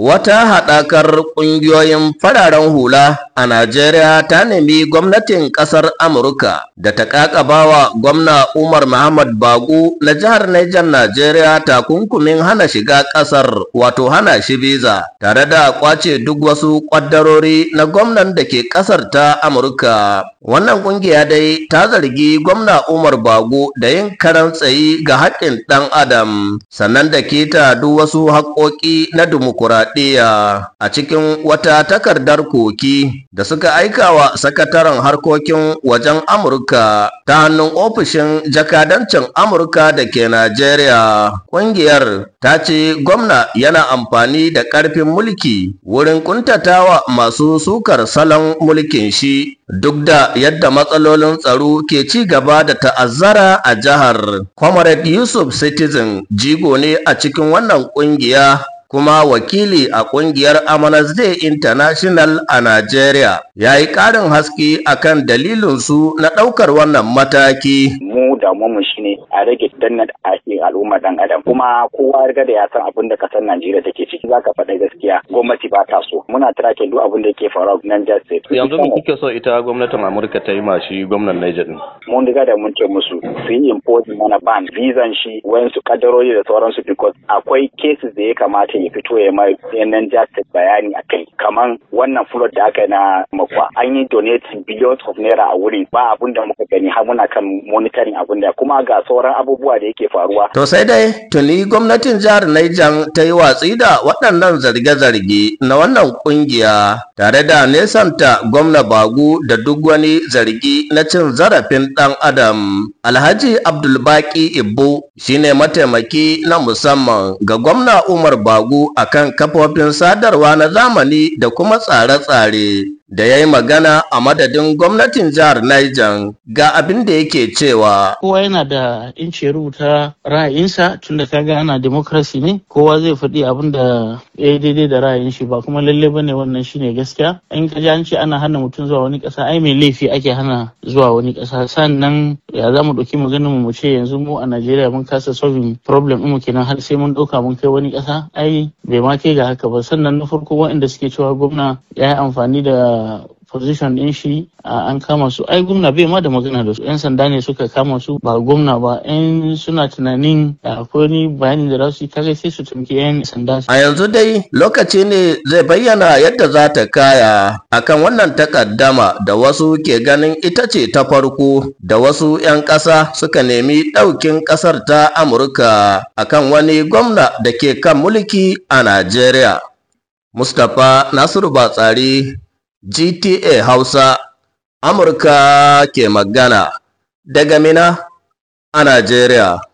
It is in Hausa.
wata haɗakar ƙungiyoyin fararen hula a Najeriya ta nemi gwamnatin ƙasar Amurka da ta ƙaƙabawa gwamna Umar Muhammad Bago na jihar Niger Najeriya takunkumin hana shiga ƙasar wato hana shi biza tare da ƙwace duk wasu ƙwaddarori na gwamnan da ke ƙasar ta Amurka. Wannan ƙungiya dai ta zargi gwamna Umar Bago da yin karan tsayi ga haƙƙin ɗan Adam sannan da keta duk wasu haƙƙoƙi na dimokuraɗiyya a cikin wata takardar koki da suka aika wa sakataren harkokin wajen Amurka ta hannun ofishin jakadancin Amurka da ke Najeriya. Ƙungiyar ta ce gwamna yana amfani da ƙarfin mulki wurin ƙuntatawa masu sukar salon mulkin shi duk da yadda matsalolin tsaro ke ci gaba da ta'azzara a jihar. Comrade Yusuf Citizen jigo ne a cikin wannan ƙungiya kuma wakili a kungiyar Amnesty Day International a Nigeria, ya yi ƙarin haske akan dalilinsu na ɗaukar wannan mataki. Mu damuwanmu shi ne a rage danna a al'umma dan adam kuma kowa riga da ya san abin da kasar Najeriya take ciki za ka faɗa gaskiya gwamnati ba ta so muna tracking duk abin da ke faruwa nan Niger State. Yanzu mun kuke so ita gwamnatin Amurka ta yi mashi gwamnan Niger din? Mun riga da mun ce musu su yi import mana ban visa shi wayansu kadaroji da sauransu because akwai cases da ya kamata ya fito ya mai yanan justice bayani a kai kaman wannan flood da aka na makwa an yi donating billions of naira a wurin ba abun da muka gani har muna kan monitoring abun da kuma ga sauran abubuwa da yake faruwa. To sai dai tuni gwamnatin jihar Niger ta yi watsi da waɗannan zarge-zarge na wannan ƙungiya. tare da nesanta gwamna Bagu da duk wani zargi na cin zarafin ɗan adam. Alhaji Abdulbaki Ibu shine mataimaki na musamman ga gwamna Umar Bagu abu akan kafofin sadarwa na zamani da kuma tsare-tsare da ya yi magana a madadin gwamnatin jihar Niger ga abin da yake cewa. Kowa yana da inci rubuta ra'ayinsa tun da kaga ana demokrasi ne kowa zai faɗi abin da ya yi daidai da ra'ayin shi ba kuma lalle ba ne wannan shine gaskiya. In ka an ce ana hana mutum zuwa wani ƙasa ai mai laifi ake hana zuwa wani ƙasa sannan ya za mu ɗauki maganin mu ce yanzu mu a Najeriya mun kasa solving problem mu kenan har sai mun ɗauka mun kai wani ƙasa ai bai ma kai ga haka ba sannan na farko waɗanda suke cewa gwamna ya yi amfani da position din shi an kama su ai gwamna bai ma da magana da su yan sanda ne suka kama su ba gwamna ba yan suna tunanin akwai ni bayanin da za su kaga sai su tumki yan sanda a yanzu dai lokaci ne zai bayyana yadda za ta kaya akan wannan takaddama da wasu ke ganin ita ce ta farko da wasu yan ƙasa suka nemi ɗaukin ƙasar ta amurka akan wani gwamna da ke kan mulki a najeriya mustapha nasiru batsari GTA Hausa, Amurka ke magana daga Mina a Najeriya.